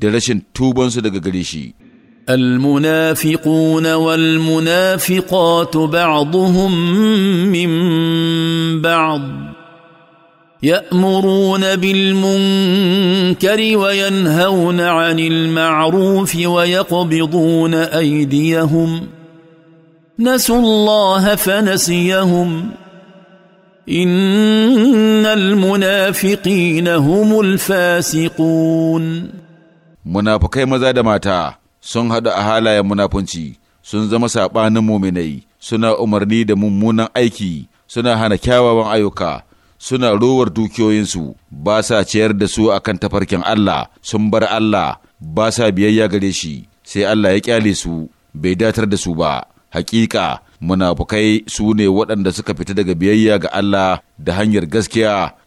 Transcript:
درشن rashin tubansu daga المنافقون والمنافقات بعضهم من بعض يامرون بالمنكر وينهون عن المعروف ويقبضون ايديهم نسوا الله فنسيهم ان المنافقين هم الفاسقون munafukai maza da mata sun haɗu a halayen munafunci sun zama saɓanin muminai suna umarni da mummunan aiki suna hana kyawawan ayyuka suna rowar dukiyoyinsu ba sa ciyar da su akan tafarkin Allah sun bar Allah ba sa biyayya gare shi sai Allah ya kyale su bai datar da su ba hakika munafukai su ne waɗanda suka fita daga biyayya ga Allah da hanyar gaskiya